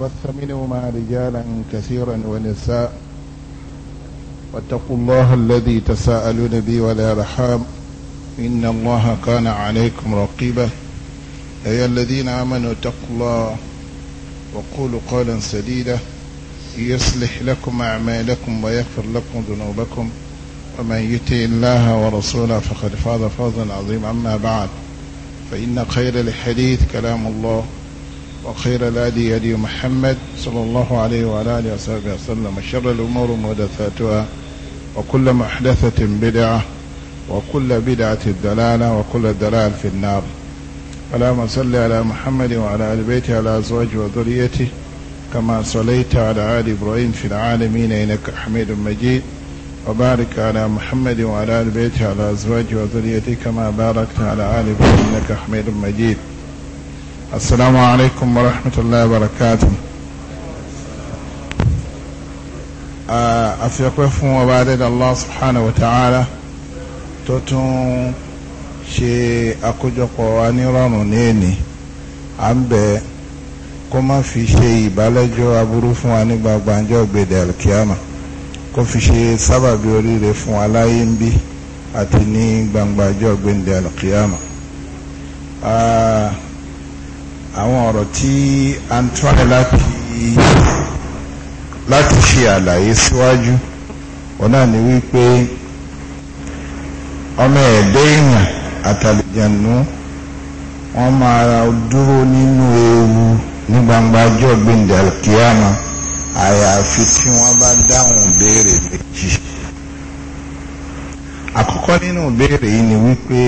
بث منهما رجالا كثيرا ونساء واتقوا الله الذي تساءلون به رحام ان الله كان عليكم رقيبا يا الذين امنوا اتقوا الله وقولوا قولا سديدا يصلح لكم اعمالكم ويغفر لكم ذنوبكم ومن يطع الله ورسوله فقد فاز فوزا عظيما اما بعد فان خير الحديث كلام الله وخير الهدي هدي محمد صلى الله عليه وعلى اله وصحبه وسلم وشر الامور محدثاتها وكل محدثة بدعة وكل بدعة الدلالة وكل الدلال في النار اللهم صل على محمد وعلى ال بيته وعلى ازواجه وذريته كما صليت على ال ابراهيم في العالمين انك حميد مجيد وبارك على محمد وعلى ال بيته وعلى ازواجه وذريته كما باركت على ال ابراهيم انك حميد مجيد السلام عليكم ورحمة الله وبركاته أفيقوا فún ọba adẹ́dàá Allah subhanahu wa ta'ala tó tún ṣe àkójọpọ̀ wa ní rọrùn ní èní à ń bẹ̀ kó má fi ṣe ìbálẹ́jọ́ aburú fún wa ní gbàgbàǹjọ́ gbèdè alkiyama kó fi ṣe sábàbí oríire fún wa láyé ń bí àti ní gbàgbàǹjọ́ gbèdè alkiyama. Uh, àwọn ọ̀rọ̀ tí a ń tọ́lẹ̀ láti láti ṣe àlàyé síwájú wọn náà ni wípé ọmọ ẹ̀dẹ́ èèyàn àtàlẹ̀jànú wọ́n máa dúró nínú ewu ní gbangba ọjọ́ gbẹ̀ndẹ̀ alkiyama àyàfi tí wọ́n bá dáhùn béèrè méjì àkọ́kọ́ nínú béèrè yìí ni wípé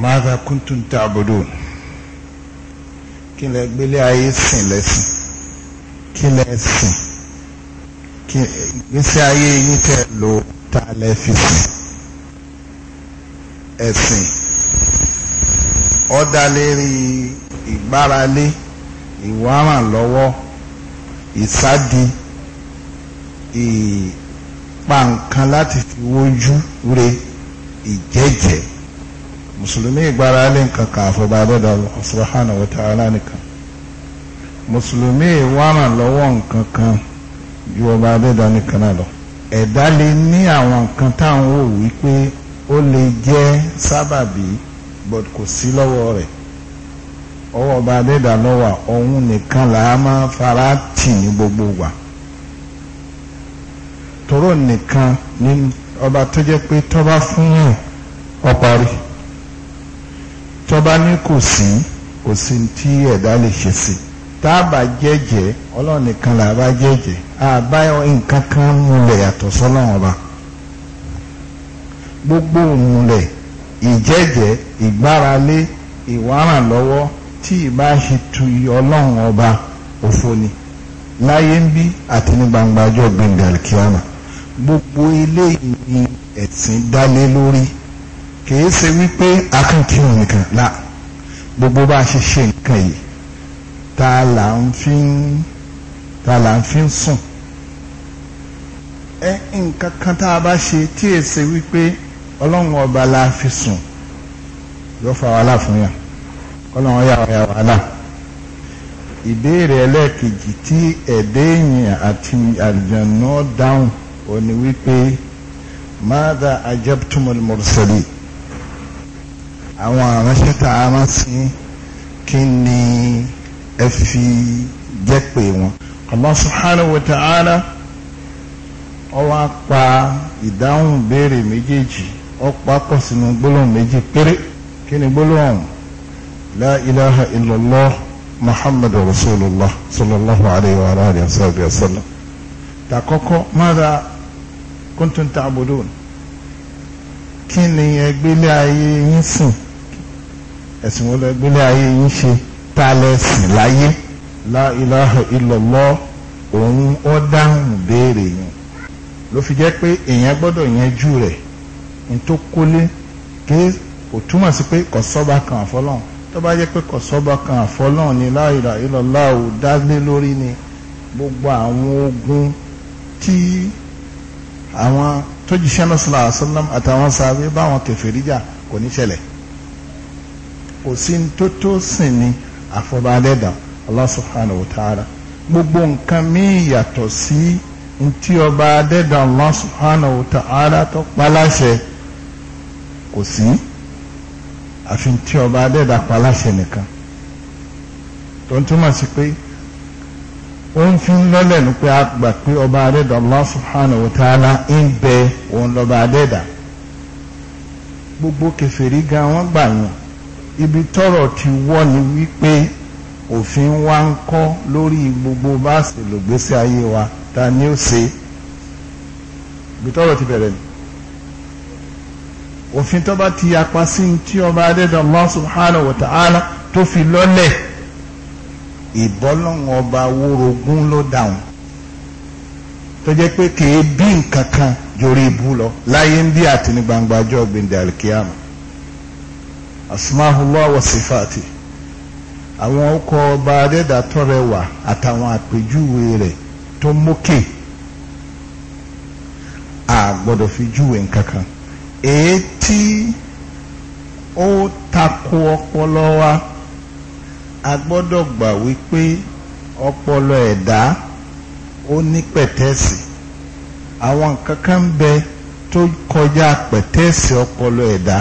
mada kuntum ta'budun kí lẹ gbélé ayé sìn lẹ́sìn kí lẹ sìn kí ìgbésí ayé yín tẹ lò tá a lẹ fi sìn ẹ̀sìn ọ̀dàlérí ìgbáralé ìwárànlọ́wọ́ ìsádi ìpa nǹkan láti fi wójú re ìjẹ́jẹ́. musulumi ìgbára lé nǹkan kan àfọ̀bá dọ́dọ̀ subhanahu wa ta'ala nìkan mùsùlùmí ìwárà lọ́wọ́ nǹkan kan ju ọba adẹ́dọ̀ nìkan náà lọ ẹ̀dá lè ní àwọn nǹkan táwọn wò wípé ó lè jẹ́ sábàbí but kò sí lọ́wọ́ rẹ̀ ọwọ́ ọba adẹ́dà lọ́wà ọ̀hún nìkan là á máa fara tì ní gbogbo wa tòró nìkan ní ọba tó jẹ́ pé tọ́ba fún ọ parí. tọ́ba ní kò sí kò sí tí ẹ̀dá lè ṣe sí táàbà jẹ́jẹ́ ọlọ́run nìkan là bá jẹ́jẹ́ àbá nǹkan kan múlẹ̀ yàtọ̀ sọ́lọ́run ọba gbogbo múlẹ̀ ìjẹ́jẹ́ ìgbáralé ìwárànlọ́wọ́ tí ìbá ṣe tu ọlọ́run ọba òfo ni láyé ń bí àti ní gbangba ọjọ́ gbẹ̀ngàn kíámà gbogbo eléyìí ni ẹ̀sìn dálé lórí kìí ṣe wípé akínkírun nìkan la gbogbo bá a ṣe ṣe nǹkan yìí ta là ń fi ń ta là ń fi ń sùn ẹ nǹkan kan tá a bá ṣe tí è ṣe wípé ọlọ́run ọba la fi sùn yóò fa wàhálà fún yà ọlọ́run yà wà wàhálà ìbéèrè ẹlẹ́ẹ̀kejì tí ẹ̀dẹ́yìn àti àlùjànnú dáhùn òní wípé mada ajabtumul mursalin àwọn aránṣẹ́ tá a rán sí kí ni ẹ fi jẹ́ pé wọn. Allah subhanahu wa ta'ala ó wá pa ìdáhùn béèrè méjèèjì ó pa pọ̀ sínú gbólóhùn méjì péré kí ni gbólóhùn la ilaha illallah muhammadu rasulullah sallallahu alayhi wa alihi wa sallam. tàkọ́kọ́ mada kuntum ta'budun kí ni ẹgbẹ́lé ayé yín sìn ẹ̀sìn wọlé ẹgbẹ́lé ayé yín ṣe tá a lẹ sìn láyé la ilaha illallah òun ó dáhùn béèrè yẹn ló fi jẹ́ pé èèyàn gbọ́dọ̀ yanjú rẹ̀ ní tó kólé ké kò túmọ̀ sí pé kò sọ́ba kan àfọlọ́hún tó bá jẹ́ pé kò sọ́ba kan àfọlọ́hún ni la ilaha illallah ò dálé lórí ni gbogbo àwọn ogun tí àwọn tó jíṣẹ́ náà sọ̀rọ̀ àṣọlọ́m àtàwọn sáré báwọn kẹfìrí jà kò ní ṣẹlẹ̀ kò sí tó tó sìn ní àfọ̀bàdẹ́dà Allah subhanahu wa ta'ala gbogbo nǹkan míì yàtọ̀ sí ntí ọba adẹ́dà Allah subhanahu wa ta'ala tó paláṣẹ kò sí àfi ntí ọba adẹ́dà paláṣẹ nìkan tó ń túmọ̀ sí pé. wọ́n fi ń lọ́lẹ̀ ní pé a gbà pé ọba adẹ́dà Allah subhanahu wa ta'ala ń bẹ òun lọ́ba gbogbo kèfèrí ga wọ́n gbà yàn ibi tọrọ ti wọ́ ni wípé òfin wa ń kọ́ lórí gbogbo lògbésí ayé wa ta ni ó ṣe ibi ti bẹ̀rẹ̀ ọba adẹ́dà Allah subhanahu wa ta'ala tó ìbọ́lọ́wọ́n ọba wórogún ló dáhùn tó jẹ́ pé kìí bí nǹkan kan jórí ibú lọ láyé ń bí àti ní gbangba ọjọ́ gbèndé alikiyama asmahullah wa sifati àwọn ọkọ̀ ọba adẹ́dàtọ́ rẹ wà àtàwọn àpèjúwe rẹ̀ tó mókè a gbọ́dọ̀ fi júwe nǹkan kan èyí tí ó takò ọpọlọ wa. a gbọ́dọ̀ gbà wípé ọpọlọ ẹ̀dá ó ní pẹ̀tẹ́sì àwọn nǹkan kan ń bẹ tó kọjá pẹ̀tẹ́sì ọpọlọ ẹ̀dá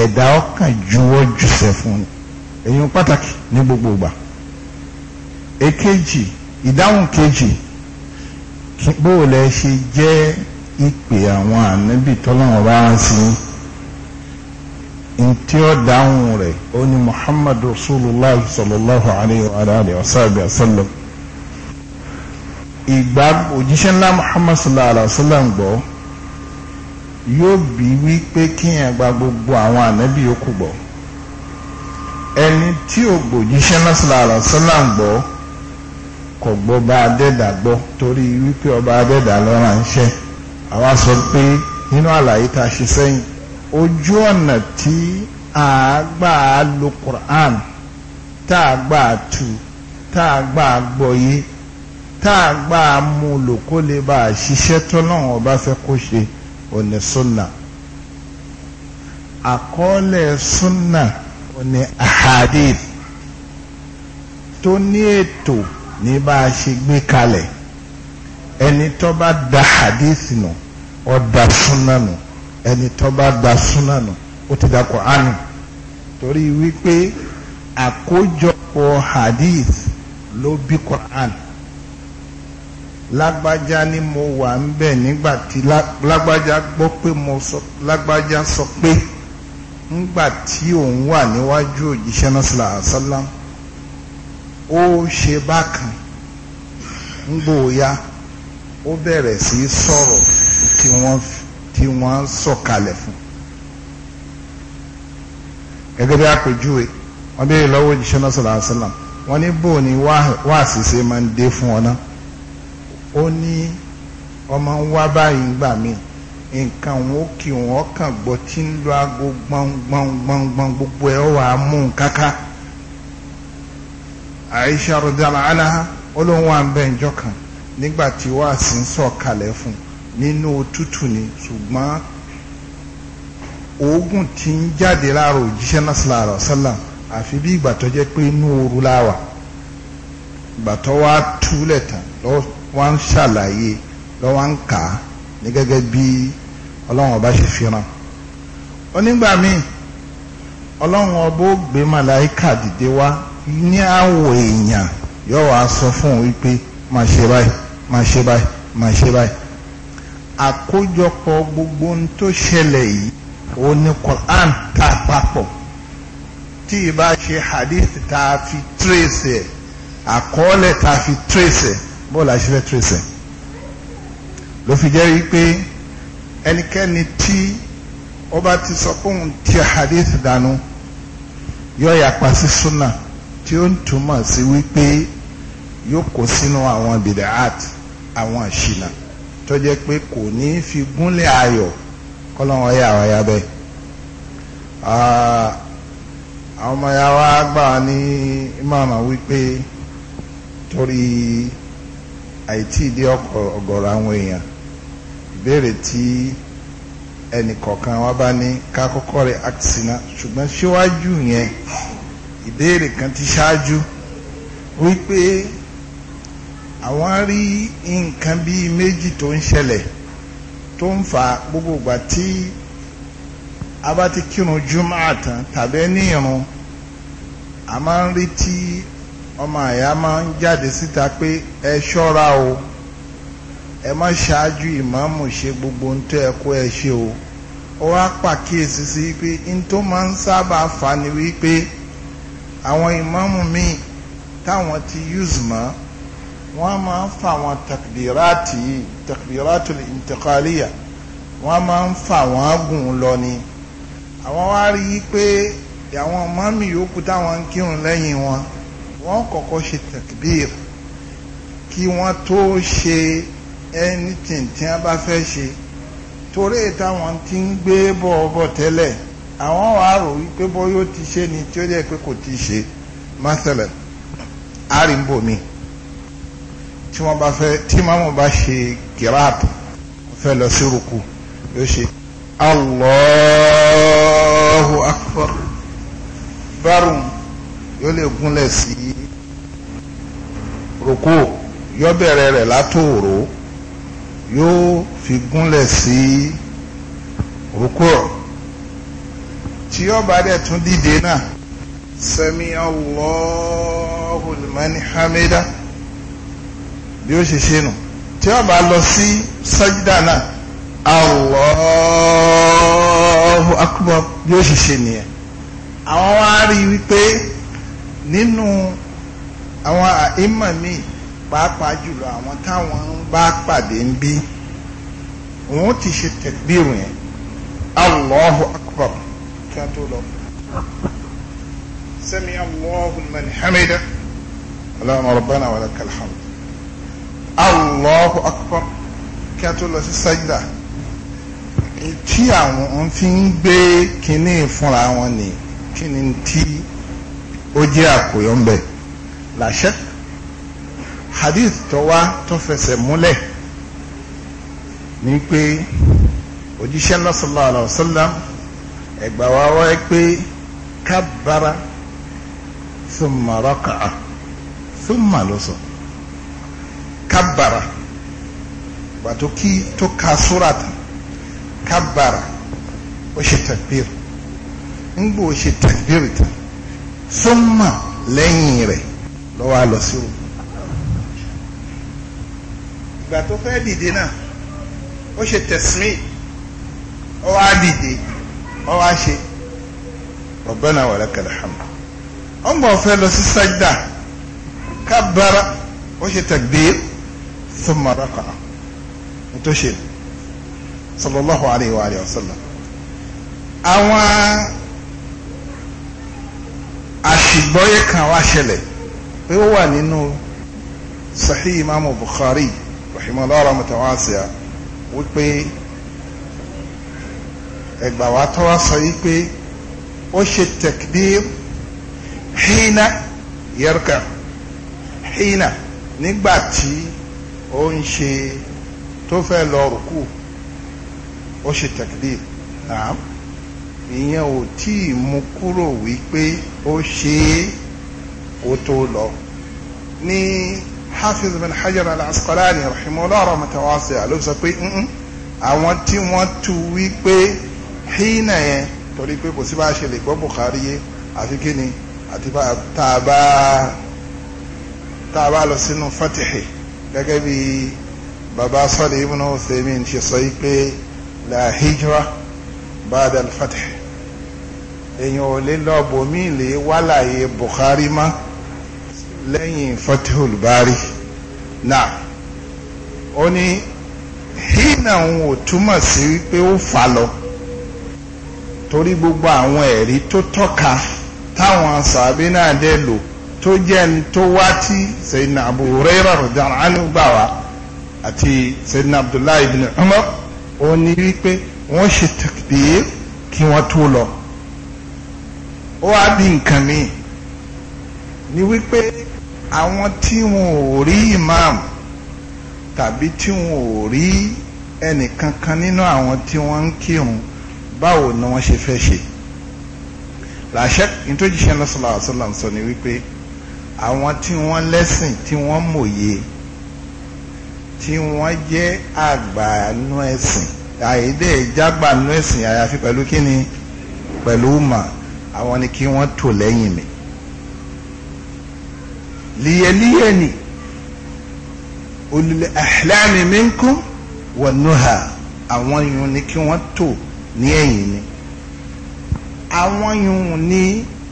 ẹ̀dá ọkàn juwọ́ jùsẹ̀ fún èyí pàtàkì ní gbogbo ìgbà èkejì ìdáhùn kejì bó o lẹ ṣe jẹ́ ìpè àwọn ànábì tọ́lọ́run bá wá sí i. ntí ó dáhùn rẹ̀ ó ní muhammad sallallahu alayhi wa sallam asalam ìgbà òjíṣẹ́ ńlá muhammad wa yóò bí wípé kíyàn gba gbogbo àwọn ànábì yòókù gbọ́ ẹni tí ò gbòjíṣẹ́ ńlá wa sallam gbọ́ kò ba bá adẹ́dà gbọ́ torí wípé ọba adẹ́dà ló ránṣẹ́ àwa sọ ojú ọ̀nà tí a gbà lo Qur'an tá a gbà tu tá a gbà gbọ́yé tá a gbà mú lò kó lè bá a ṣiṣẹ́ tọ́lọ́run ọba fẹ́ kó ṣe òní sunna àkọọ́lẹ̀ sunna òní ahadith tó ní ètò ní bá a ṣe gbé kalẹ̀ ẹni tó bá da hadith nù ọ̀dà sunna nù. No ẹni tó bá gba súnànù ó ti da Kùránì torí wípé àkójọpọ̀ hadith ló bí Quran. lágbájá ni mo wà ń bẹ̀ nígbà tí lágbájá gbọ́ pé mo sọ lágbájá sọ pé ńgbà tí òun wà níwájú òjíṣẹ́ náà sílá àṣálá ó ṣe bákan ńgbòóyá ó bẹ̀rẹ̀ sí sọ̀rọ̀ tí wọ́n fi tí wọ́n sọ̀kalẹ̀ fún gẹ́gẹ́ bí àpèjúwe wọ́n béèrè lọ́wọ́ òjíṣẹ́ náà sọ̀rọ̀ àṣìlám wọ́n ní bò ní máa ń dé fún ọ náà ó ní ọmọ ń wá báyìí gbà mí nǹkan wọn ó kì wọn kàn gbọ́ tí ń lo aago gbọngbọngbọngbọn gbogbo ẹ̀ wà á mú un káká Aisha rọdàlá ó lóun wà ń bẹ ǹjọ́ kan nígbà tí sọ̀kalẹ̀ fún un nínú òtútù ni ṣùgbọ́n oògùn tí ń jáde láàrọ̀ òjíṣẹ́ náà sallallahu alaihi wasallam àfi bí ìgbà tó jẹ́ pé inú ooru láwà ìgbà tó wá túlẹ̀ tán lọ́wọ́ wá ń ṣàlàyé lọ́wọ́ ń kà á ní gẹ́gẹ́ bí ọlọ́run ọba ṣe fìràn onígbà míì ọlọ́run ọba ó gbé màláìkà dìde wá ní àwọ̀ èèyàn yóò wá sọ fún un wípé máa ṣe báyìí máa ṣe báyìí máa ṣe báyìí àkójọpọ̀ gbogbo ohun tó ṣẹlẹ̀ yìí òun ni Quran ta papọ̀ tí ì bá ṣe hadith tá a fi trace ẹ̀ àkọọ́lẹ̀ tá a fi trace ẹ̀ bọ́ọ̀lù àṣìfẹ́ trace ẹ̀ ló fi jẹ́ wípé ẹnikẹ́ni tí ó bá ti sọ pé òun ti hadith dànù yọ yàpá sí súnà tí ó ń túmọ̀ sí wípé yóò kó sínú àwọn bìdà àwọn àṣìnà. tó jẹ́ pé kò ní fi gúnlẹ̀ ayọ̀ kọ́lọ́wọ́n yà wá yá bẹ́ẹ̀. àwọn ọmọ ya gbà ní ìmọ̀ràn wípé torí àìtí ìdí ọ̀gọ̀rọ̀ àwọn èèyàn ìbéèrè tí ẹnìkọ̀ọ̀kan wa bá ní ká kọ́kọ́ rẹ̀ àtìsínà ṣùgbọ́n síwájú yẹn ìbéèrè kan ti ṣáájú wípé. àwọn rí nǹkan bíi méjì tó ń ṣẹlẹ̀ tó ń fa gbogbo ìgbà tí a bá ti kírun jùmọ̀ àtàn tàbí ní irun a máa ń rí tí ọmọ àyà máa ń jáde síta pé ẹ ṣọ́ra o ẹ má ṣáájú ìmáàmù ṣe gbogbo ohun tó ẹ kó ẹ ṣe o ó wá pàkíyèsí sí pé n tó máa ń sábà fà ni wípé àwọn ìmáàmù míì táwọn ti use mọ́ wọ́n máa ń fa àwọn takbirati takbiratu intikaliya wọ́n máa ń fa àwọn gùn lọ ni àwọn wá rí i pé àwọn mọ́mí yòókù táwọn ń kírun lẹ́yìn wọn wọ́n kọ́kọ́ ṣe takbir kí wọ́n tó ṣe anything tí bá fẹ́ ṣe torí táwọn ti ń gbé bọ̀ọ̀bọ̀ tẹ́lẹ̀ àwọn wàá rò wípé bọ́ yóò ti ṣe ni tí ó jẹ́ pé kò ti ṣe masalan arìnbó mi tí wọ́n bá fẹ́ tí màmú bá ṣe kiraat fẹ́ lọ sí ruku yóò ṣe Allahu akbar barun yóò lè gúnlẹ̀ sí ruku yóò bẹ̀rẹ̀ rẹ̀ látòòró yóò fi gúnlẹ̀ sí ruku tí yóò bá dẹ̀ tún dìde náà sami Allahu liman hamida bí ó ṣe ṣe nù tí wọ́n bá lọ sí sọ́jídà náà Allahu akbar bí ó ṣe ṣe nìyẹn àwọn wá rí wípé nínú àwọn àìmọ̀ míì pàápàá jùlọ àwọn táwọn ń bá pàdé ń bí òun ti ṣe tẹ̀gbìrù yẹn Allahu akbar kí wọ́n tó lọ. sami Allahu liman hamida Allahumma rabbana wa lakal Allahu akbar kí a tó lọ sí sajda tí àwọn fi ń gbé kinní fúnra wọn ni kinní tí ó jẹ́ àkóyọ ń bẹ làṣẹ hadith tó wá tó fẹsẹ̀ múlẹ̀ ni pé òjíṣẹ́ náà sallallahu alaihi wasallam ẹ̀gbà wa wá pé kábàárà thumma raka'a thumma ló Kabara, gbàtó kí to ka súrà tán kábàrà ó ṣe tàkbírì ńgbò ó ṣe tàkbírì tán súnmà lẹ́yìn rẹ̀ lọ́wọ́ àlọ́ sí o ìgbà tó fẹ́ dìde náà ó ṣe tẹ̀símì ó wá dìde ó wá ṣe rabbana wa lakal hamd ó ń bọ̀ fẹ́ lọ sí sájdà kábàrà ó ṣe tàkbírì thumma raka'a tó ṣe sallallahu alayhi wa alihi wa sallam àwọn àṣìgbọ́yé kan wá ṣẹlẹ̀ pé ó wà nínú sahih imaamu bukhari rahimahullah mutawasiya wípé ẹgbà wa tó wá sọ yìí pé ó ṣe takbir hina yarka hina nígbà tí ó ń ṣe tó fẹ́ lọ rùkú ó ṣe takbir naam ìyẹn ò tí ì mú kúrò wípé ó ṣe é kó tó lọ ní hafiz bin hajar al-asqalani rahimahullah rahmatan wasi'a ló sọ pé àwọn tí wọ́n tu wípé hínà yẹn torí pé kò sí bá a ṣe lè gbọ́ Bukhari yé àfi kí ni àti tá a bá lọ sínú fatihi gẹ́gẹ́ bí baba sọ́lẹ̀ ibn Uthaymin ṣe sọ pé la hijra ba'da al-fath èyàn ò lè lọ bòmí lè wálàyé Bukhari má lẹ́yìn Fathul Bari náà ó ní hínà òun ò túmọ̀ sí wípé ó fà lọ torí gbogbo àwọn ẹ̀rí tó tọ́ka táwọn sàbí dé lò tó jẹ́ ẹni tó wá tí Sayyidina Abu Hurairah radiyallahu anhu gbà wá àti Sayyidina Abdullahi ibn Umar ó ní wípé wọ́n ṣe takbir kí wọ́n tó lọ ó wá bí nǹkan míì ni wípé àwọn tí wọn ò rí imam tàbí tí wọn ò rí ẹnìkankan nínú àwọn tí wọ́n ń kírun báwo ni wọ́n ṣe fẹ́ ṣe làṣẹ nítòjíṣẹ́ lọ́sọ̀lá ni wípé àwọn tí wọ́n lẹ́sìn tí wọ́n mòye tí wọ́n jẹ́ àgbàánú ẹ̀sìn àìdè ìjágbàánú ẹ̀sìn àyàfi pẹ̀lú kíni pẹ̀lú mà àwọn ni kí wọ́n tò lẹ́yìn mi liyeliyeni olùlẹ̀ ahlami minkum wa nuha àwọn yìí ni kí wọ́n tò ní ẹ̀yìn mi àwọn yìí ni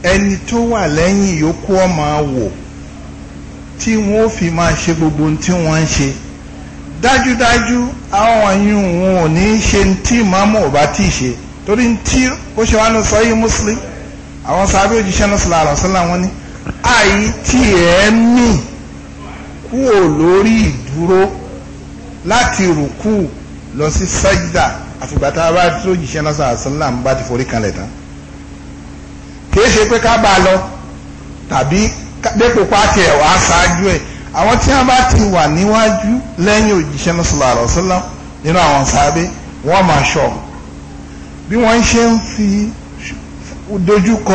ẹni tó wà lẹ́yìn yòókù ọmọ wò tí wọ́n ó fi máa ṣe gbogbo tí wọ́n ń ṣe dájúdájú àwọn yìí wọn ò ní ṣe tí ìmáàmù ò tí ì ṣe torí tí ó ṣe wá ní sọ yìí muslim àwọn sábẹ́ òjíṣẹ́ náà sọ̀rọ̀ àlọ́sọ́lá wọn ni àyí tí ẹ̀ mì kúò lórí ìdúró láti rùkú lọ sí sájídà àfìgbà tá a bá tó òjíṣẹ́ náà sọ̀rọ̀ àlọ́sọ́lá bá ti forí kanlẹ̀ tán kìí ṣe pé ká bá a lọ tàbí dépò pàtì ẹ̀ wá ṣáájú ẹ̀ àwọn tí wọ́n bá ti wà níwájú lẹ́yìn òjíṣẹ́ náà sallallahu alaihi wasallam nínú àwọn sábẹ́ wọ́n máa ṣọ́ bí wọ́n ṣe ń fi dojúkọ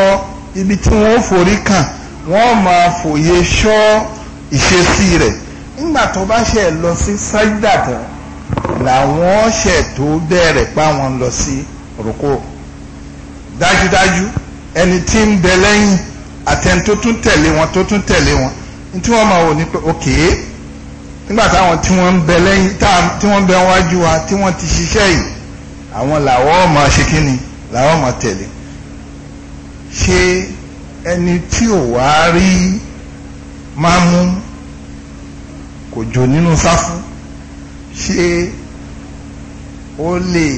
ibi tí wọ́n forí kàn wọ́n máa fòye ṣọ́ ìṣesí rẹ̀ nígbà tó bá ṣe lọ sí sájídà tán làwọn ṣẹ̀ tó bẹ̀rẹ̀ pa wọn lọ sí rúkú dájúdájú ẹni tí ń bẹ lẹ́yìn àtẹni tó tún tẹ̀lé wọn tó tún tẹ̀lé wọn tí wọ́n máa wò ní pé òkèé nígbà táwọn tí wọ́n ń bẹ lẹ́yìn tí wọ́n ń bẹ wájú wa tí wọ́n ti ṣiṣẹ́ yìí àwọn làwọ́ máa ṣe kí ni tẹ̀lé ṣé ẹni tí ò wá rí máa mú kò jò nínú sáfù ṣé ó lè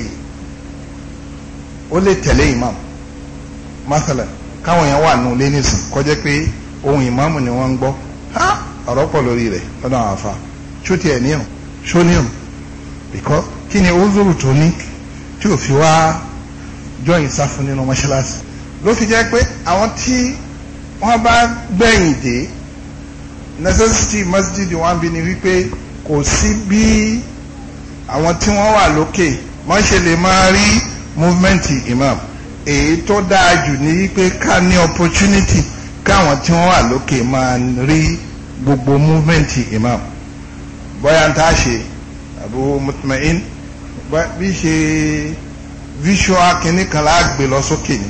ó lè tẹ̀lé ìmáàmù masalan káwọn yẹn wà nù lé nísìn kọjá pé ohun ìmáàmù ni wọ́n ń gbọ́ ha ọ̀rọ̀ pọ̀ lórí rẹ̀ lọ́dọ̀ àwọn afa ṣó tiẹ̀ níhùn ṣó níhùn bìkọ́ kí ni ozuru tó ní tí ò fi wá jọyìn sáfù nínú mọ́ṣáláṣí ló fi jẹ́ pé àwọn tí wọ́n bá gbẹ̀yìn dé necessity masjid wọn bí ni wípé kò sí bí àwọn tí wọ́n wà lókè wọ́n ṣe lè máa rí movement imam èyí tó dáa jù ní wípé ká ní opportunity káwọn tí wọ́n wà lókè máa rí gbogbo movement imam bóyá tá a ṣe Abu Mutmain bí ṣe visual kìíní kan láàgbé lọ sókè ni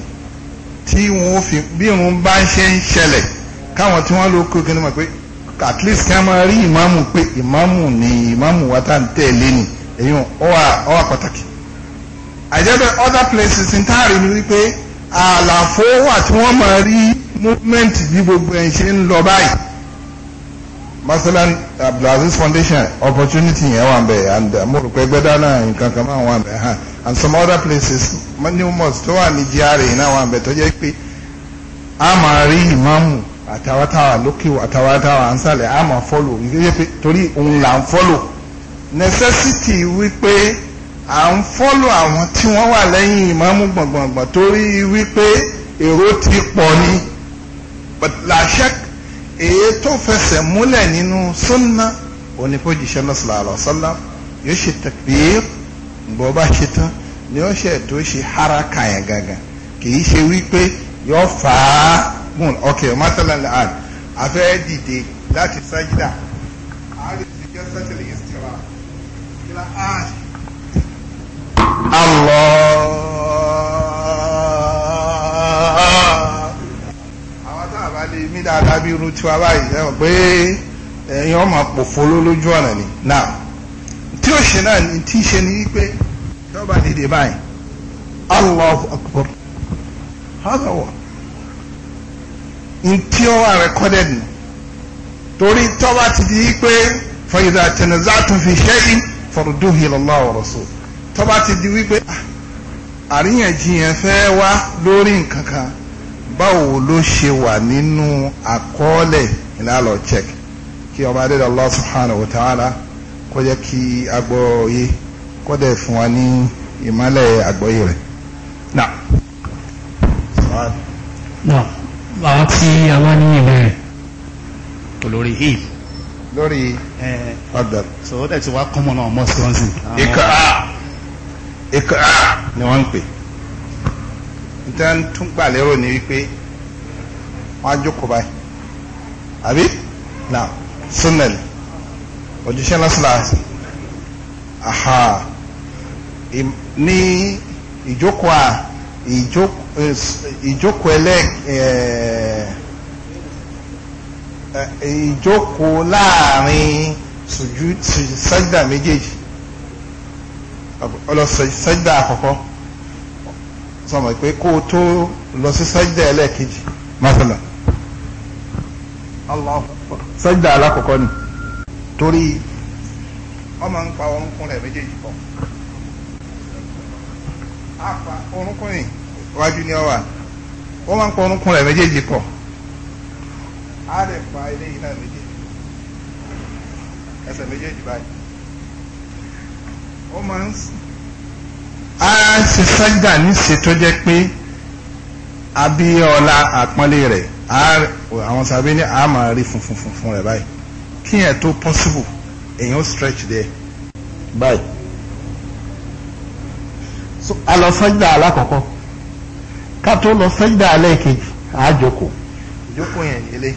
tí wọn ò fi bí irun bá ń ṣe ń ṣẹlẹ̀ káwọn tí wọ́n lókè kìíní mọ̀ pé at least ká máa rí ìmáàmù pé ìmáàmù ni ìmáàmù wa tá à ń tẹ̀lé ni èyí wọn ó wà pàtàkì àjẹ́bẹ̀ other places ń táàrí ni wípé àlàfo wà tí wọ́n máa rí movement bí gbogbo ẹ̀ ṣe ń lọ báyìí masalan abdulaziz foundation opportunity yẹn wà bẹ and uh, mo rò pé gbẹdá náà nǹkan kan máa wà bẹ and some other places new mosque tó wà ní GRA náà wà bẹ tó jẹ́ pé a máa rí ìmáàmù àtàwátàwà lókè àtàwátàwà ansálẹ̀ a máa follow nítorí pé torí òun là ń follow necessity wípé à ń fọ́lọ̀ àwọn tí wọ́n wà lẹ́yìn ìmáàmù gbọ̀ngbọ̀ngbọ̀n torí wípé èrò ti pọ̀ ni làṣẹ́k èyí tó fẹsẹ̀ múlẹ̀ nínú sunna òní kó jíṣẹ́ náà sallallahu alaihi wasallam yóò ṣe takbir gbọ́ bá ṣe tán ni ó ṣe tó ṣe haraka yẹn gangan kì í ṣe wípé yóò fà á gùn ọkẹ́ mọ́tàlá ní àd afẹ́ dìde láti sájídà àárín ìṣèjọ́ sẹ́tìlì ìṣèjọba kí lá áàṣ dáadáa bí irú tiwa báyìí ẹ mọ̀ pé ẹ̀yin ọmọ pòfolo lójú ọ̀nà ni náà tí ó ṣe náà ni tí í ṣe ni wípé tí ọba dìde báyìí Allahu Akbar hàgà wọ̀ ntí ó wà recorded nù torí tọ́ba ti di wípé fọyìdà tẹnuzàtún fi ṣẹ́yìn farduhu ila Allah wa rasul tọ́ba ti di wípé ah, àríyànjiyàn fẹ́ wá lórí nǹkan kan. báwo ló ṣe wà nínú àkọọ́lẹ̀ ìlàlọ́ check kí ọba adéda subhanahu wa ta'ala kó jẹ́ kí agbọ́yé kó dẹ̀ fún wa ní ìmọ́lẹ̀ àgbọ́yé rẹ̀. nà. nà àwọn tí a wá olórí hip. lórí ọ̀dọ̀. sọ̀rọ̀ tẹ̀ tí wàá náà mọ́ sí wọn sí. ìkà ìkà ni wọ́n ń pè. nítorí tún gbà lérò ní wípé wọ́n á jókòó báyìí àbí na sunel, òjíṣẹ́ lọ́sílàsì aha ní ìjókòó à ìjókòó ẹlẹ́ ìjókòó láàrin sùjú sájídà méjèèjì ọlọ́sọ̀ sájídà àkọ́kọ́ sọmọ pé kó o tó lọ sí sájídà ẹlẹ́ẹ̀kejì masala sájídà alákọ̀ọ́kọ́ ni torí ọmọ ń pa orúnkún rẹ̀ méjèèjì pọ̀ apa orúnkún yìí wájú ni ọ wà wọ́n máa ń pa orúnkún rẹ̀ méjèèjì pọ̀ á rẹ̀ pa eléyìí náà méjèèjì ẹsẹ̀ méjèèjì báyìí ó máa ń sùn a ṣe sájúdà níṣe tó jẹ́ pé àbí ọlá àpọ́nlé rẹ̀ àwọn sàbẹ̀ ní a máa rí funfun funfun rẹ̀ báyìí kí yẹn tó possible èyàn stretch there. báyìí so a lọ sájúdà alákọ̀ọ́kọ́ ká tó lọ sájúdà alẹ́ kejì a jókòó. ìjókòó yẹn ilé.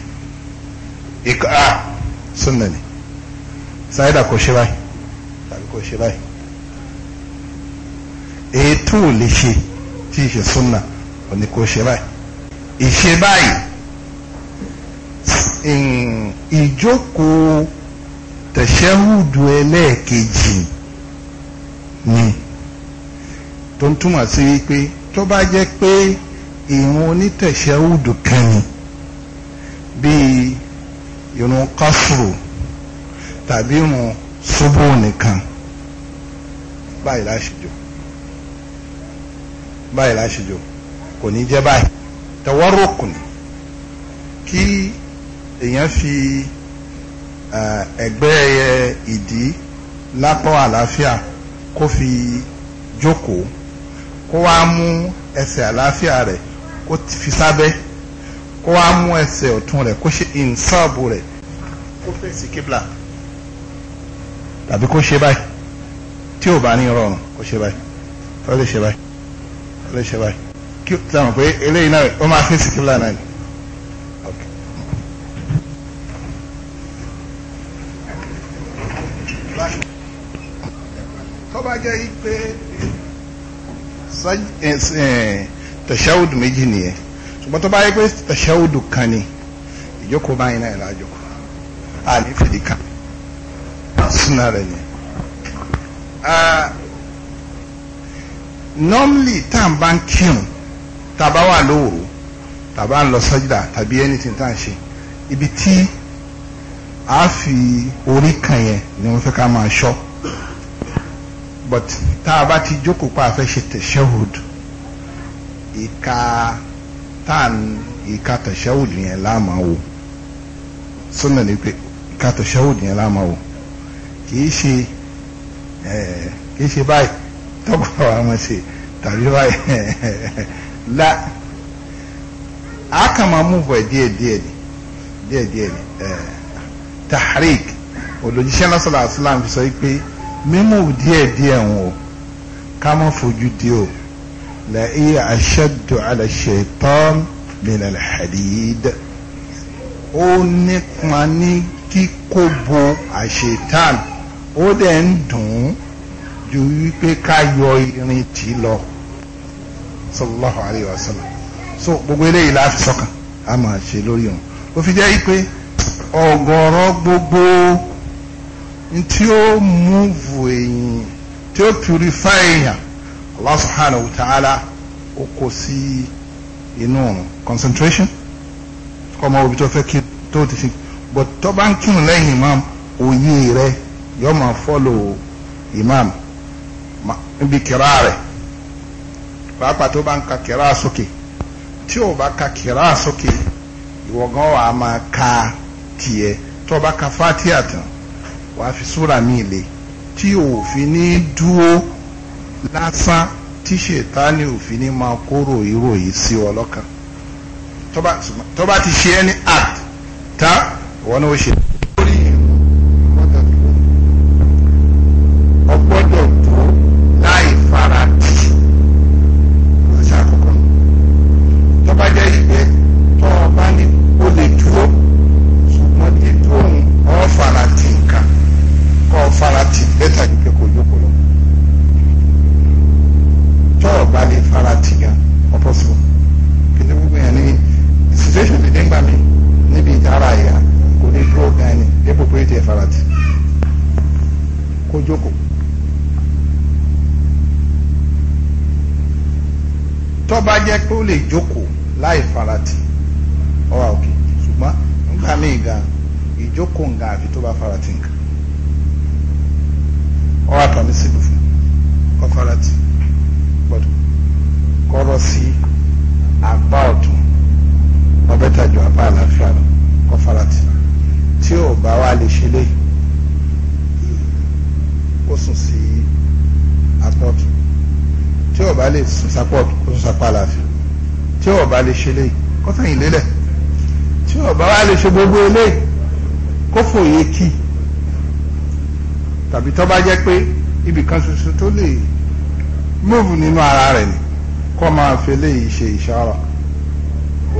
ìkọ́ a ah, sunna ni sáyidà kò ṣe báyìí tàbí kò ṣe báyìí èyí tó ò lè ṣe tí ìṣe súnà ò ní kó ṣe báyìí ìṣe báyìí ìjókòó tẹ̀sẹ̀hùdù ẹlẹ́ẹ̀kejì ni tó ń túmọ̀ sí wípé tó bá jẹ́ pé ìrun onítẹ̀sẹ̀hùdù kan ni bíi ìrun kásùrù tàbí ìrun ṣubú nìkan báyìí láṣìjọ báyìí láṣejò kò ní jẹ́ báyìí tawarrukun kí èèyàn fi ẹ̀gbẹ́ ìdí lápá àlàáfíà kó fi jókòó kó wá mú ẹsẹ̀ àlàáfíà rẹ̀ kó fi sábẹ́ kó wá mú ẹsẹ̀ ọ̀tún rẹ̀ kó ṣe ìnsáàbù rẹ̀ kó fèsì kíbla tàbí kó ṣe báyìí tí ò bá ní rọrùn kó ṣe báyìí tó lè ṣe báyìí lè ṣe báyìí kí sàmù pé eléyìí náà ó máa fèsì kíbla náà ni. tó bá jẹ́ pé tẹ̀síáwùdù méjì nìyẹn ṣùgbọ́n tó bá yẹ pé tẹ̀síáwùdù kan ni ìjókòó báyìí náà lájókòó àní fìdí kan sínú rẹ̀ ni normally tá à ń bá ń kírun tá a bá wà lóòrò tá a bá ń lọ sọ́jà tàbí anything tá à ń ṣe ibi tí a fi orí kan yẹn ni wọ́n fẹ́ ká máa ṣọ́ but tá a bá ti jókòó pa àfẹ́ ṣe tẹ̀sẹ̀hood ìka tá à ń ìka tẹ̀sẹ̀hood yẹn la wò sọ́nà ni pé ìka tẹ̀sẹ̀hood yẹn la wò kì í ṣe eh, kì í ṣe báyìí tọ́pọ̀ wa mọ̀ sí tàbí wá la a kà máa mú bọ̀ díẹ̀ díẹ̀ ni díẹ̀ díẹ̀ ni tahrik olùjíṣẹ́ lọ́sọ̀lá àsìláàmù fi sọ pé mímú díẹ̀ díẹ̀ ń o ká má fojú di o la iya ashaddu ala shaitan min al-hadid ó nípa ní kíkó bo àṣetán ó dẹ̀ ń dùn ún ju wípé ká yọ irin tì lọ sallallahu alayhi wa so gbogbo eléyìí la fi sọ́kàn a máa ṣe lórí wọn ó fi jẹ́ wípé ọ̀gọ̀rọ̀ gbogbo tí ó múvù èyàn tí ó purify èyàn Allah subhanahu wa ta'ala ó kó sí inú ọ̀run concentration kọ́ ọmọ òbí tó fẹ́ kí tó ti fi but tó bá ń kírun lẹ́yìn imam òye rẹ yọ máa follow imam níbi kìrá rẹ̀ pàápàá tó bá ń ka kìrá sókè tí ò bá ka kìrá sókè ìwọ gan wà á máa ka tiẹ̀ tó o bá ka fatia tán wà á fi súra mi lé tí ò fi ní dúó lásán tí ṣètánì ò fi ní máa kóró ìròyìn sí ọ lọ́kàn tó bá ti ṣe ẹni act tá ìwọ náà ó ṣe. bá support sapọ kó tó sapọ àlàáfíà tí ó bá lè ṣe lè kó fẹ̀yìn lélẹ̀ tí ó bá wà lè ṣe gbogbo ilé kó fòye kì tàbí tó bá jẹ́ pé ibì kan ṣoṣo tó lè múùfù nínú ara rẹ̀ ni kó máa fi léyìí ṣe ìṣàrà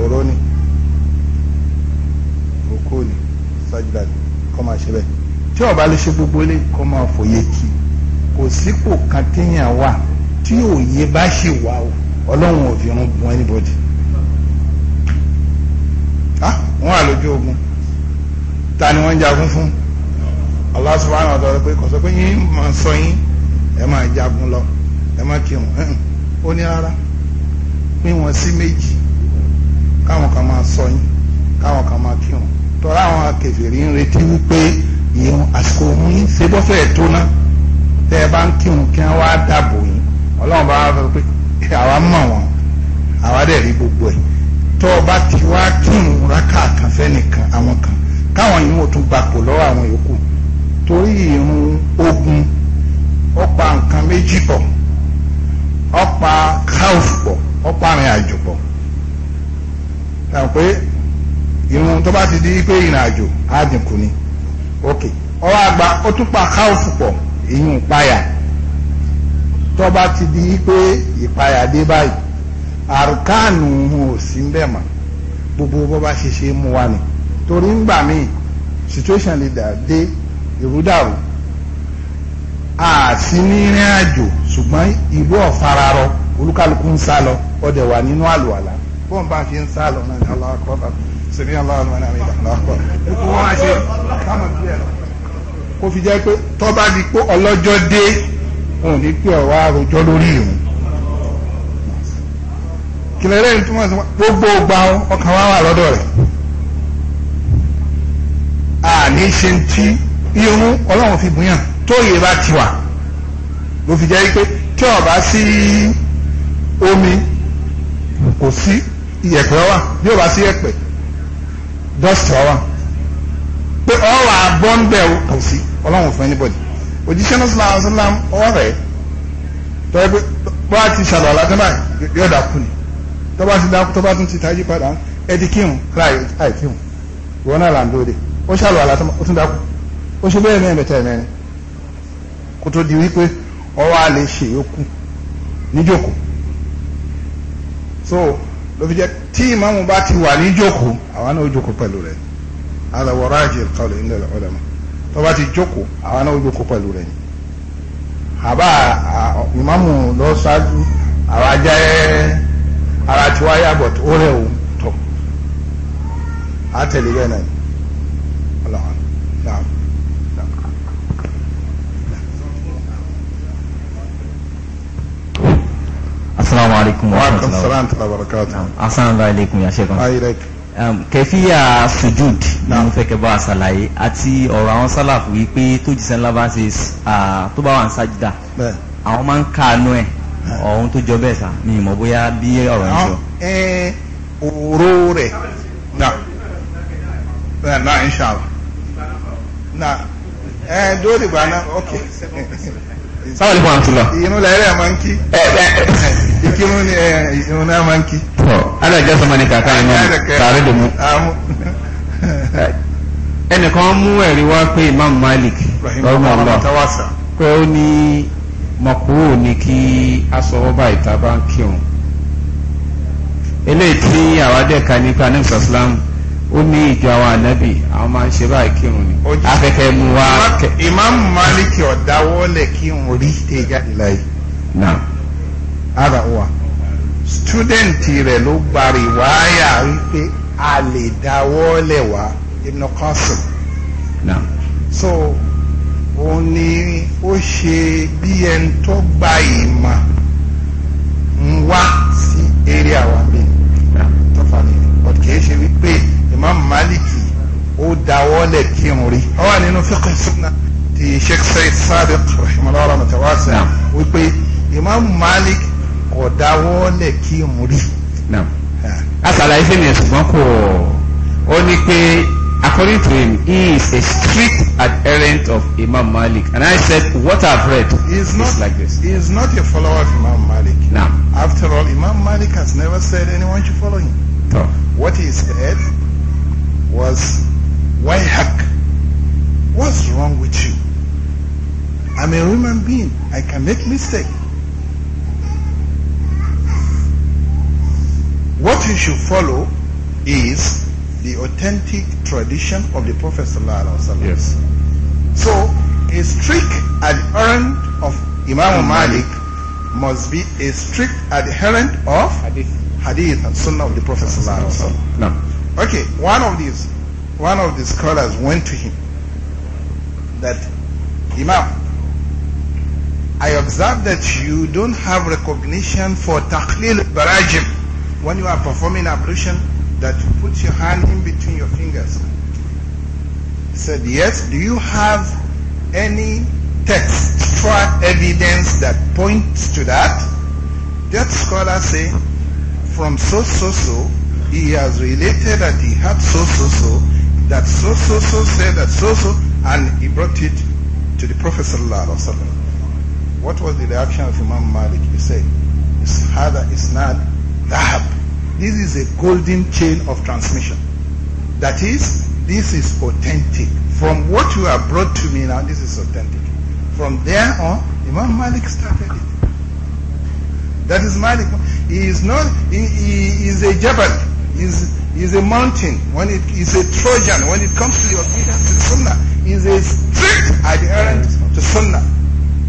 òró ni òkú ni sájúdà ni kó máa ṣe bẹ́ẹ̀ tí ó bá lè ṣe gbogbo ilé kó máa fòye kì kò sípò kan téèyàn wà tí òye bá ṣe wà o ọlọ́run ò fi rún gun anybody ah, wọ́n wà lójú ogun ta ni wọ́n ń jagun fún Allah subhanahu wa ta'ala pé kò sọ pé yín máa sọ yín ẹ máa jagun lọ ẹ máa kírun ó ní rárá pín wọn sí méjì káwọn kan máa sọ yín káwọn kan máa kírun tọ́lá àwọn akẹfẹ̀rí ń retí wípé ìyẹn àsìkò òun yín ṣe bọ́fẹ̀ẹ́ tó ná tẹ́ ẹ bá ń kírun kí wọ́n wá dàbò ọlọ́run bá wá sọ pé àwa mọ̀ wọn àwa dẹ̀ rí gbogbo ẹ̀ tó o bá ti wá kírun rákà kan fẹ́nìkan àwọn kan káwọn yìí wọ́n tún gbapò lọ́wọ́ àwọn yòókù torí ìrun ogun ó pa nǹkan méjì pọ̀ ó pa káwùf pọ̀ ó àjò pọ̀ pé ìrun tó bá ti di pé ìrìn àjò á dínkù ni ok ó gba ó tún pa káwùf pọ̀ ìyún páyà tó bá ti di pé ìpayàdé báyìí àrùkánù ò sí ń bẹ̀ mọ́ gbogbo bó bá ṣe ṣe mú wa ni torí ń gbà míì situation lè dà dé ìrúdàrú àti nírìn àjò ṣùgbọ́n ìlú ọ̀fararọ olúkálukú ń sá lọ ọdẹ wà nínú àlùwàlà bọ́n bá fi ń sá lọ náà Allahu Akbar sèmi aláwọ̀ náà mi Allahu Akbar wọn á ṣe kámọ̀ bí ẹ̀ lọ kó fi jẹ́ pé tó di pé ọlọ́jọ́ dé wọn ò ní pè ọ́ wá rojọ́ lórí ìrùn kìlẹ̀rẹ́ yìí túmọ̀ sí wọn gbogbo ọgbà ọkàn wa wà lọ́dọ̀ rẹ̀ àní ṣe ti irun ọlọ́run fi bùyàn tó yè bá ti wà ló fi jẹ́ pé tí ó bá sí omi kò sí iyẹ̀pẹ̀ wà bí ó bá sí iyẹ̀pẹ̀ dust wà pé ọ̀wà bọ́ńbẹ̀ kò sí ọlọ́run fún anybody òjíṣẹ́ náà sọlá àṣọlá ọwọ́ rẹ̀ tọ́wọ́ pé bá ti ṣàlọ́ aládọ́mà yóò dákú ni tọ́ba ti dákú tọ́ba tún ti tají padà ẹ̀dí kírun láì kírun ìwọ́n náà là ń dóde ó ṣàlọ́ aládọ́mà ó tún dákú ó ṣe bẹ́ẹ̀ mẹ́rin mẹ́ta mẹ́rin kó tó di wípé ọwọ́ a lè ṣe yókù níjókòó so ló fi jẹ́ tí ìmáàmù bá ti wà níjókòó àwọn náà ó jókòó pẹ̀lú rẹ̀ àlàwọ̀ ráàjì ìkọlù ilẹ̀ ọ̀dàmọ́ tó bá ti jókòó àwa náà jókòó pẹ̀lú rẹ̀ ni àbá ìmáàmù lọ ṣáájú àwa jẹ́ ara tí wá yàgbọ̀ tó rẹ̀ o tọ̀ á tẹ̀lé bẹ́ẹ̀ náà ọlọ́run náà. asalaamualeykum wa rahmatulahi wa barakatuh asalaamualeykum ya sekan kẹfíyà sujud náà mo fẹ́ kẹ́ bá ṣàlàyé àti ọ̀rọ̀ àwọn sálàfù yìí pé tó jíṣẹ́ ńlá bá ṣe tó bá wà ń sájúdà àwọn máa ń kàánú ẹ̀ ọ̀hún tó jọ bẹ́ẹ̀ sá ni ìmọ̀ bóyá bí ọ̀rọ̀ ń sọ. òró rẹ̀ náà bẹ́ẹ̀ náà inṣàlá náà ẹ̀ dúró náà ok sáwọn ìfọ̀n àtúlọ̀. ìyẹn ló lẹ́rẹ̀ máa ń kí eh, eh. ìkírun ni ìyẹn náà máa ń kí ana jẹ́ sọmọ ní kàkà yẹn náà tààrí dùn mú. ẹnìkan mú ẹ̀rí wá pé imam malik lọ́wọ́ ọ̀la pé ó ní mọ̀kúrò ní kí aṣọ́wọ́ bá ìta bá ń kírun. eléyìí tí àwa dẹ́ka nípa anamsa islam ó ní ìjọ àwọn ànábì àwọn máa ń ṣe báyìí kírun ni afẹ́kẹ́ mú wá. imam malik ọ̀dáwọ́lẹ̀ kírun rí tẹ̀ jáde láyé. náà. ara wa. Studenti rẹ̀ ló gba rìwáyà wípé a lè dáwọ́ lẹ̀ wá Ibn Qasim. so òun ni ó ṣe bí ẹni tó gba ìmọ̀ ń wá sí area wa bí tó fà ní but kì í ṣe wípé Imam Malik ó dáwọ́ lẹ̀ kí n rí ọ wà nínú fiqh sunna ti Sheikh Said Sadiq rahimahullah rahmatulahi wípé Imam Malik kò dáwọ́ lẹ̀ kí n rí. asàlàyé fún mi ṣùgbọ́n kò ó ní pé according to him he is a strict adherent of Imam Malik and I said what I've read is, not, like this. he is not a follower of Imam Malik. Now, after all Imam Malik has never said anyone should follow him. No. what he said was why hack what's wrong with you I'm a human being I can make mistakes What you should follow is the authentic tradition of the Prophet Yes. So a strict adherent of Imam Malik must be a strict adherent of hadith, hadith and sunnah of the Prophet No. Okay, one of these, one of the scholars went to him that Imam, I observe that you don't have recognition for taqlil barajim when you are performing ablution that you put your hand in between your fingers. He said, Yes, do you have any textual evidence that points to that? That scholar say, from so so so, he has related that he had so so so, that so so so said that so so, and he brought it to the Prophet sallallahu What was the reaction of Imam Malik? He said, it's not. Dhahab. This is a golden chain of transmission. That is, this is authentic. From what you have brought to me now, this is authentic. From there on, Imam Malik started it. That is Malik. He is not, he, he is a Jabal. He is, he is a mountain. When it is a Trojan, when it comes to your obedience to Sunnah, he is a strict adherent to Sunnah.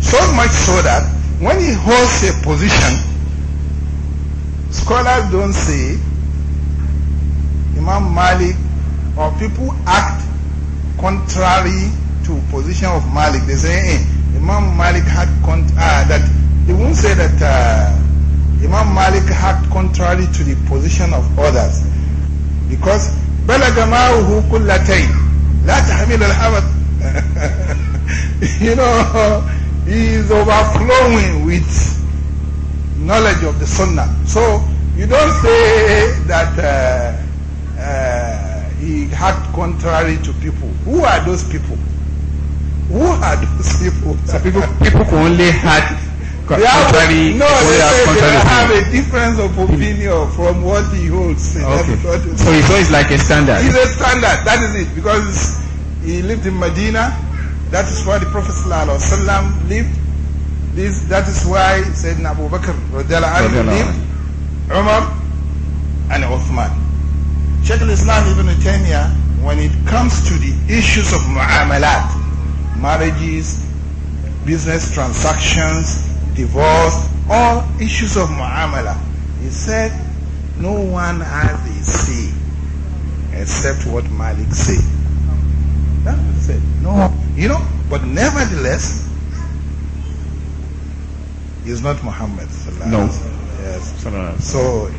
So much so that when he holds a position, Scholars don't say Imam Malik or people act contrary to position of Malik. They say hey, eh, Imam Malik had uh, that. They won't say that uh, Imam Malik had contrary to the position of others because بلغ معه كلتين لا تحمل الأبد you know he is overflowing with knowledge of the sunnah. So you don't say that uh, uh, he had contrary to people. Who are those people? Who are those people? So people, people who only had contrary. Have, no, they, they, they have a difference of opinion from what he holds. Okay. So it's always like a standard. He's a standard. That is it because he lived in Medina. That is where the Prophet sallallahu alaihi wasallam lived. This, that is why Sayyidina Abu Bakr lived Umar and Uthman. Sheikh al-Islam Ibn Taymiyyah, when it comes to the issues of mu'amalat, marriages, business transactions, divorce, all issues of mu'amala, he said, no one has a say except what Malik said. That was said. No, you know, but nevertheless, is not Muhammad. No. Yes. So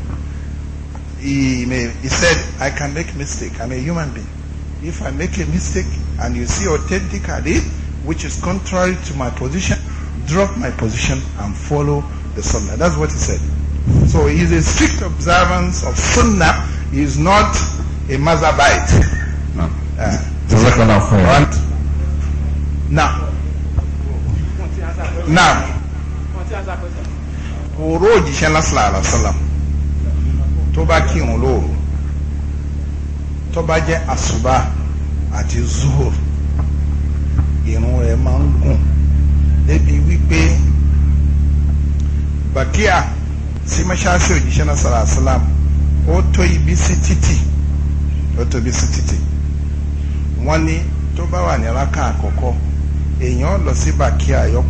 he, may, he said, I can make mistake. I'm a human being. If I make a mistake and you see authentic hadith, which is contrary to my position, drop my position and follow the sunnah. That's what he said. So he is a strict observance of sunnah. He is not a mazhabite. No. Uh, right. Now, now, òru òjíṣẹ́ lásìlá àlàsílà tó bá kírun lóru tó bá jẹ́ àṣùbà àti zuhur irun rẹ̀ máa ń gùn débi wípé bàkíà sí mọ́ṣáláṣí òjíṣẹ́ lásìlá àlàsílà ó tó ibi sí títì ó tó ibi sí títì wọ́n ní tó bá wà ní rákà àkọ́kọ́ èèyàn lọ sí bàkíà yọ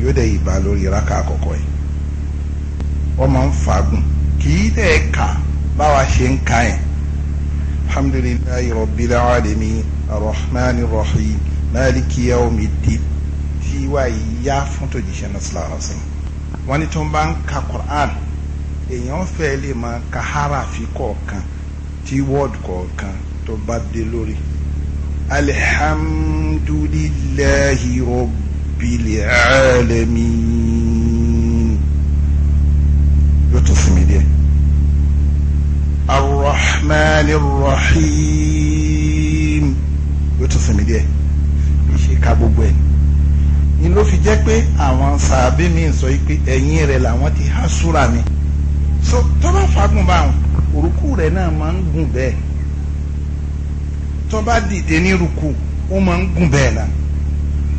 yóò dẹ̀ ìbá lórí raka àkọ́kọ́ yìí wọ́n máa ń fagùn kì í dẹ̀ kà báwa ṣe ń ka yẹn alhamdulilayi rabbil alamin arrahman arrahim maliki yawmiddin tí wàá yá fún tòjíṣẹ́ náà sílára sí wọ́n ní tó ń bá ń ka Qur'an èèyàn fẹ́ lè máa ka harafi kọ̀ọ̀kan tí wọ́ọ̀dù kọ̀ọ̀kan tó bá dé lórí alihamdulilayi rabbil. العالمين يطف مديه الرحمن الرحيم يطف مديه ìṣe ka gbogbo ẹ̀ ni ló fi jẹ́ pé àwọn sàábí mi sọ pé ẹ̀yìn rẹ̀ làwọn ti há súra mi so tó bá fagun bá wọn òrùkù rẹ̀ náà máa ń gùn bẹ́ẹ̀ tó bá dìde ní rùkù ó máa ń gùn bẹ́ẹ̀ náà.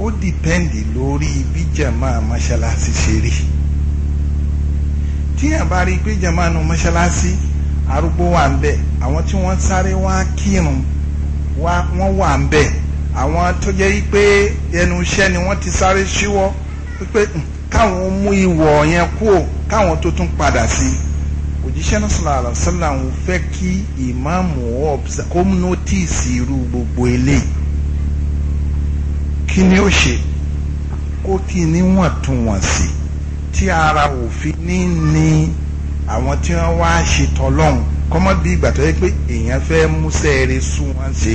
ó dìpẹ́ǹdì lórí bí jàmá mọ́ṣáláṣí ṣe rí tí yàn bá rí pé jàmá nu mọ́ṣáláṣí arúgbó wà ń bẹ̀ àwọn tí wọ́n sáré wá kírun wọ́n wà ń bẹ̀ àwọn tó jẹ́ pé ẹnu iṣẹ́ ni wọ́n ti sáré ṣíwọ́ pé hmm, káwọn mú ìwọ̀ yẹn kúò káwọn tó tún padà sí i òjíṣẹ́ náà sọ̀rọ̀ àlọ́ sọ́là ń fẹ́ kí ìmáàmù ọ̀ kó nótìsì irú gbogbo eléyìí kí ni ó ṣe kó kí ni wọ́n tún wọ́n sí tí ara òfin ní ní àwọn tí wọ́n wá ṣe tọ́lọ́hún kọ́mọ́ bí ìgbà tó yẹ pé èèyàn fẹ́ músẹ́ eré sún wọn ṣe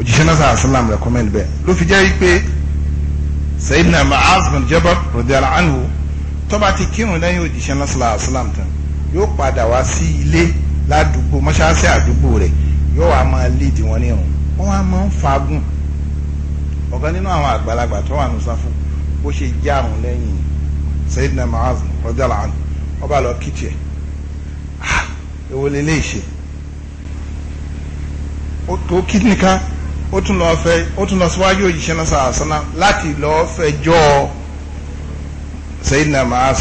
òjíṣẹ́ náà sàrà sálàm recommend bẹ́ẹ̀ ló fi jẹ́ pé Sayyidina Mu'az bin Jabal radiyallahu anhu tó bá ti kírun lẹ́yìn òjíṣẹ́ náà sàrà sálàm tán yóò padà wá sí ilé ládùúgbò mọ́ṣáláṣí àdúgbò rẹ̀ yóò wá máa lead wọn ní wọ́n wá máa ń fagùn ọ̀kan nínú àwọn àgbàlagbà tó wà nùsàfù bó ṣe já àwọn lẹ́yìn Sayyidina Mu'az radiyallahu anhu ọba lọ kìtì ẹ̀ ah, èwo lè lè ṣe ó tó kìtì ká ó tún lọ fẹ́ ó tún lọ síwájú òjíṣẹ́ náà sàásánà láti lọ fẹjọ́ Sayyidina Mu'az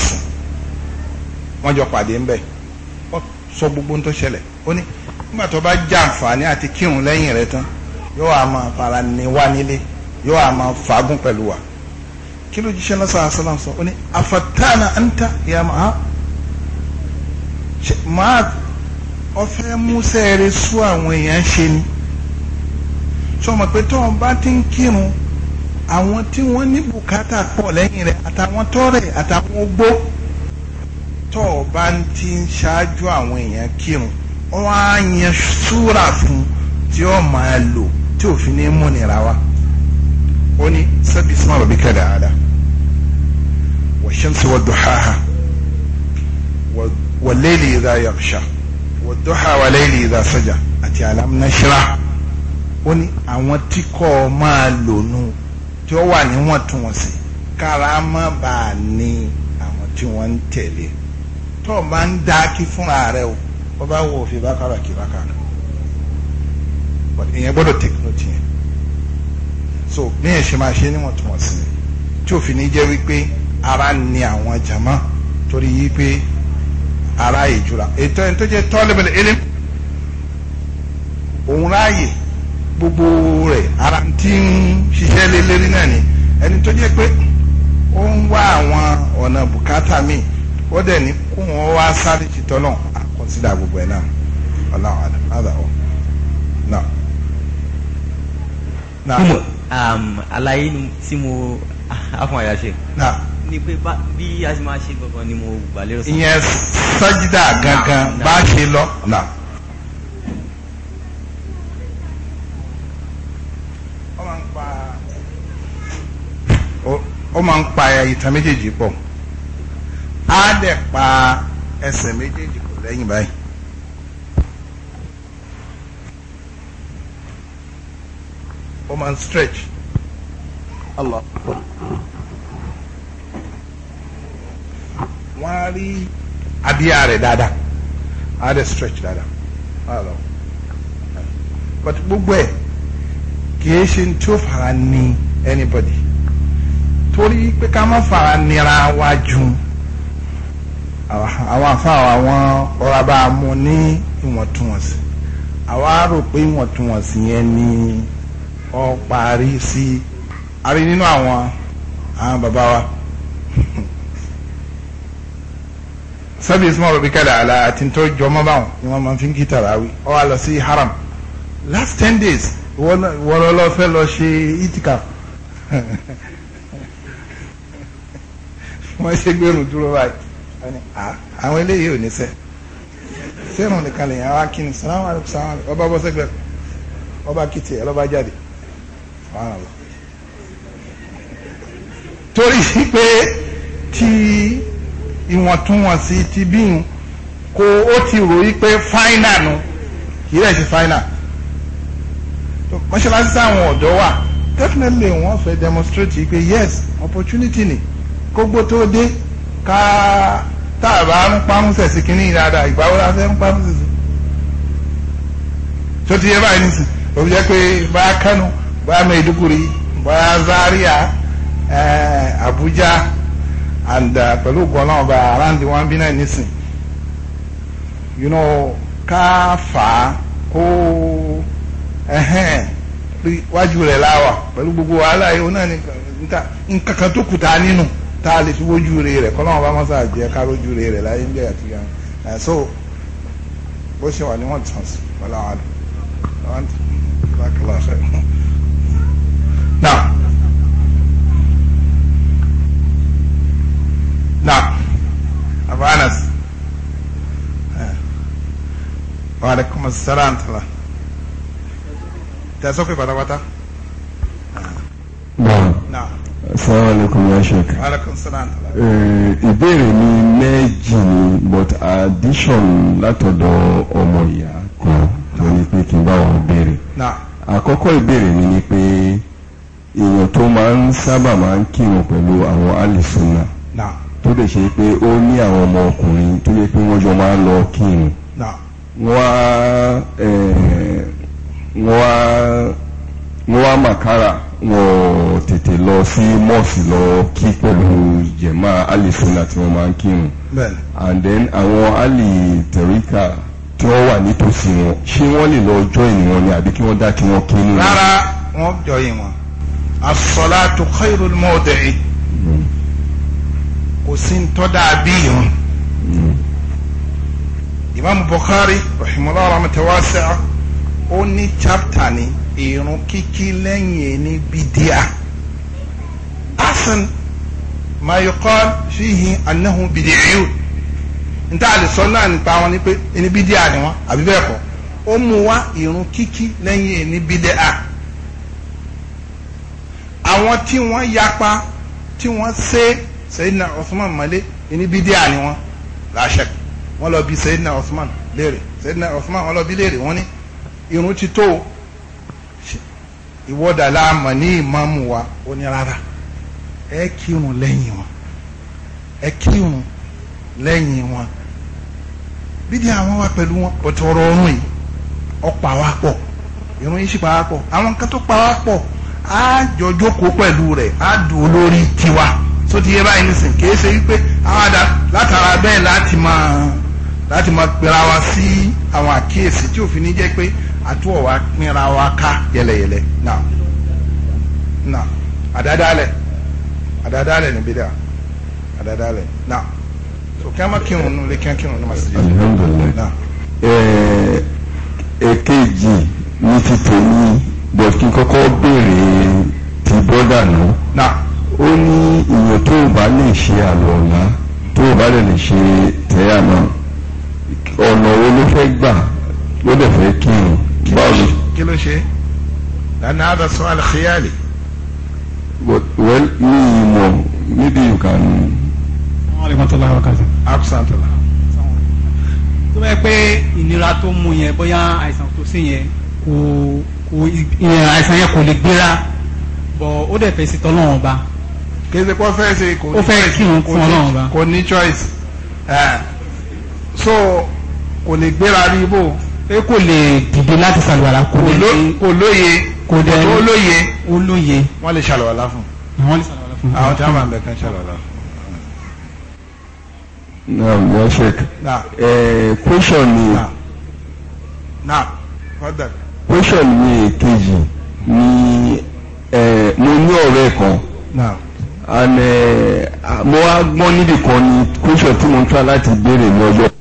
wọ́n jọ pàdé ńbẹ̀ ó sọ gbogbo ń tó ṣẹlẹ̀ ó ní nígbà tó bá jàǹfààní àti kírun lẹ́yìn rẹ̀ tán yóò wá máa fara ní wá nílé yóò wá máa fagún pẹ̀lú wa kí ló jíṣẹ́ náà sàn sàn sọ ó ní afatana anta ya máa máa ọfẹ́ músẹ́ rẹ sú àwọn èèyàn ṣe ni sọmọ pé tó wọn bá ti ń kírun àwọn tí wọ́n ní bùkátà pọ̀ lẹ́yìn rẹ̀ àtàwọn tọ́rẹ̀ àtàwọn ogbó tọ́ ọ bá ń ti ń ṣáájú àwọn èèyàn kírun wọ́n á yan súrà fún tí ó máa lò tí òfin ní múnira wa ó ní sẹ́bi sún àbàbí kẹ́lẹ́ àdá wọ́n ṣe ń sọ wọ́n duhaha wọ́n léèlì ìdá yaghsha wọ́n duha wọ́n léèlì ìdá saja àti alam nashra ó ní àwọn tí kò máa lò nù tí ó wà níwọ̀ntúnwọ̀nsì kára má bàa ní àwọn tí wọ́n ń tẹ̀lé tó o máa ń dá kí fúnra rẹ o wọ́n bá wo òfin bákàrà kí bákàrà ìyẹn gbọ́dọ̀ tẹkinọ́tì yẹn. so ní ẹ̀ṣẹ̀ máa ṣe níwọ̀ntúnwọ̀nsì ni tí òfin ní jẹ́ wípé ara ni àwọn tori torí wípé ara ìjura ètò ẹni tó jẹ́ tọ́lẹ̀bẹ̀lẹ̀ elim òun ráàyè gbogbo rẹ̀ ara tí ń ṣiṣẹ́ lélẹ́rí náà ni ẹni tó jẹ́ pé ó ń wá àwọn ọ̀nà bùkátà míì ó dẹ̀ ní kó wọn wá sáré àkọsílẹ̀ Um, àlàyé tí mo afọ̀n àyà ṣe. ni pé bí a ti máa ṣe gangan ni mo gbà lérò sí. ìyẹn sọ́jídà gangan bá ṣe lọ. ó máa ń pa ìtàn méjèèjì pọ̀ á dẹ̀ pa ẹsẹ̀ méjèèjì pọ̀ lẹ́yìn báyìí. Come and stretch Allah wọ́n á dada, abíyá rẹ̀ stretch dada, Allah but gbogbo ẹ̀ kìí fara ní anybody torí pé ká má fara nira wa jù àwọn afáwọn àwọn ọ̀ràbà mu ní ìwọ̀ntúnwọ̀nsì àwa rò pé ìwọ̀ntúnwọ̀nsì yẹn ni ọ parí sí àrí nínú àwọn àwọn bàbá wa sábì ismail rubikala ala àti tó jọ ọmọ báwọn ni wọn máa fi ń kí tàràwí ọ wà lọ sí haram last ten days wọ́n lọ fẹ́ lọ ṣe itikaf wọ́n ṣe gbèrú dúró báyìí àwọn eléyìí ò ní sẹ́ sẹ́rùn nìkan lèyìn àwọn akínú sàlámù alẹ́kùn sàlámù alẹ́kùn ọba bọ́sẹ̀gbẹ̀rẹ̀ ọba kìtì ẹ̀ lọ́ba jáde torí pé tí ìwọ̀ntúnwọ̀nsí ti bíyùn kó ó ti rò yí pé fáínà nu kì í rẹ̀ ṣe fáínà mọ́ṣáláṣí sáwọn ọ̀dọ́ wà definitely wọ́n fẹ́ demonstrate yí pé yes opportunity ni kógbó tó dé ká tá a bá ń pamúṣẹ̀ sí kínní ìdáadáa ìgbà wo la fẹ́ ń pamúṣẹ̀ sí tó ti yẹ báyìí nísìnyí òbí jẹ́ pé bá a bóyá Maiduguri bóyá Zaria uh, Abuja and eh, pẹ̀lú gbọ́nà ọba around the one billion nisin you know ká fà á kó wájú rẹ̀ láwà pẹ̀lú gbogbo wàhálà yìí ó náà ní nǹkan kan tó kùtà nínú tá a lè fi wójú rẹ̀ rẹ̀ kọ́nà ọba mọ́sá jẹ́ ká rójú rẹ̀ rẹ̀ láyé ń bẹ̀rẹ̀ àti gan eh, so bó ṣe wà ní wọ́n tàn sí wọ́n láwọn àdùn. Now, now, Abu Anas. Wa alaikum assalam tala. Ta sofi patapata. Now. Now. Assalamualaikum ya Sheikh. Alaikum salam tala. Ìbéèrè mi méjì ni but addition látọ̀dọ̀ ọmọ ìyá kan tó ní pé kí n bá wọn béèrè. Àkọ́kọ́ ìbéèrè mi ni pé èèyàn tó máa ń sábà máa ń kírun pẹ̀lú àwọn alìsùnà tó lè ṣe pé ó ní àwọn ọmọ ọkùnrin tó yẹ pé wọ́n jọ máa ń lọ kírun wọ́n á màkàrà wọ́n tètè lọ sí mọ́ọ̀sì lọ kí pẹ̀lú jẹ̀má alìsùnà tí wọ́n máa ń kírun and then àwọn alì tẹ̀ríkà tí wọ́n wà nítòsí wọn ṣé wọ́n lè lọ join wọn ni àbí kí wọ́n dá kí wọ́n kí nù. rárá wọ́n join wọn as-salatu khayrul mawdi'i kò sí ń tọ́ dàbí irun imam bukhari rahimahullah rahmatan wasi'a ó ní chapter ní irun kíkí lẹ́yìn ní bidia asan ma yuqal fihi annahu bidiyun nta a lè sọ náà nípa wọn ni ẹni bidia ni wọn àbí bẹ́ẹ̀ kọ́ ó mú wá irun kíkí lẹ́yìn ní bidia àwọn tí wọ́n yapa tí wọ́n ṣe Sayyidina Osman mọ́lé ní bídíà ni wọ́n láṣẹ wọ́n lọ bí Sayyidina Osman léèrè Sayyidina Osman wọ́n lọ bí léèrè wọ́n ní irun ti tó ìwọ́dà láàmọ̀ ní ìmáàmù wa ó ní rárá ẹ kírun lẹ́yìn wọn ẹ kírun lẹ́yìn wọn bídíà wọn wá pẹ̀lú wọn pọ̀tọ̀rọ̀ ọ̀run yìí ọ̀pá wa pọ̀ irun yìí sì pa wá pọ̀ àwọn kan tó pa wá pọ̀ á jọ jókòó pẹ̀lú rẹ̀ a dùn olórí tiwa tó ti yé báyìí nísìnyí kì ṣe wípé àwàdà látara bẹ́ẹ̀ láti máa láti máa pera wa sí àwọn àkíyèsí tí òfin ní jẹ́ pé àtúwọ̀ wa pinra wa ká yẹlẹyẹlẹ àdádálẹ̀ àdádálẹ̀ dà àdádálẹ̀ so kí a máa kírun nù lé kí a kírun nù ní ti but kí n kọ́kọ́ béèrè ti bọ́dà náà ó ní ìyẹn tó bá lè ṣe àlọ́ọ̀lá tó bá lè lè ṣe tẹ́yà náà ọ̀nà wo ló fẹ́ gbà ló dẹ̀ fẹ́ kí n báwo. kí ló ṣe lana ada sọ alikiyali. well mi mọ maybe you can. aleykum salaam wa rahmatulahi. absantala. tó bá yẹ pé ìnira tó mú yẹn bóyá àìsàn tó sí yẹn kò àìsàn yẹn kò lè gbéra bọ̀ ó dẹ̀ fẹ́ sí tọ́lọ́wọ́n ọba. kéde kó fẹ́ ṣe kò ní ó fẹ́ kí òun fún ọlọ́wọ́n ọba. kò ní choice eh. so kò lè gbéra rí bò. pé kò lè dìde láti ṣàlùwàlà kò lè kò lóye kò dẹ̀ ó lóye ó lóye. wọ́n lè ṣàlùwàlà fún. wọ́n lè ṣàlùwàlà fún. àwọn tí wọ́n máa bẹ̀ kán ṣàlùwàlà fún. Naam, ya Naam. Eh, question ni. Naam. Naam. Fadhali question mi èkejì ni mo ní ọ̀rẹ́ kan and mo wá gbọ́n níbì kan ni question tí mo ń try láti béèrè lọ́jọ́.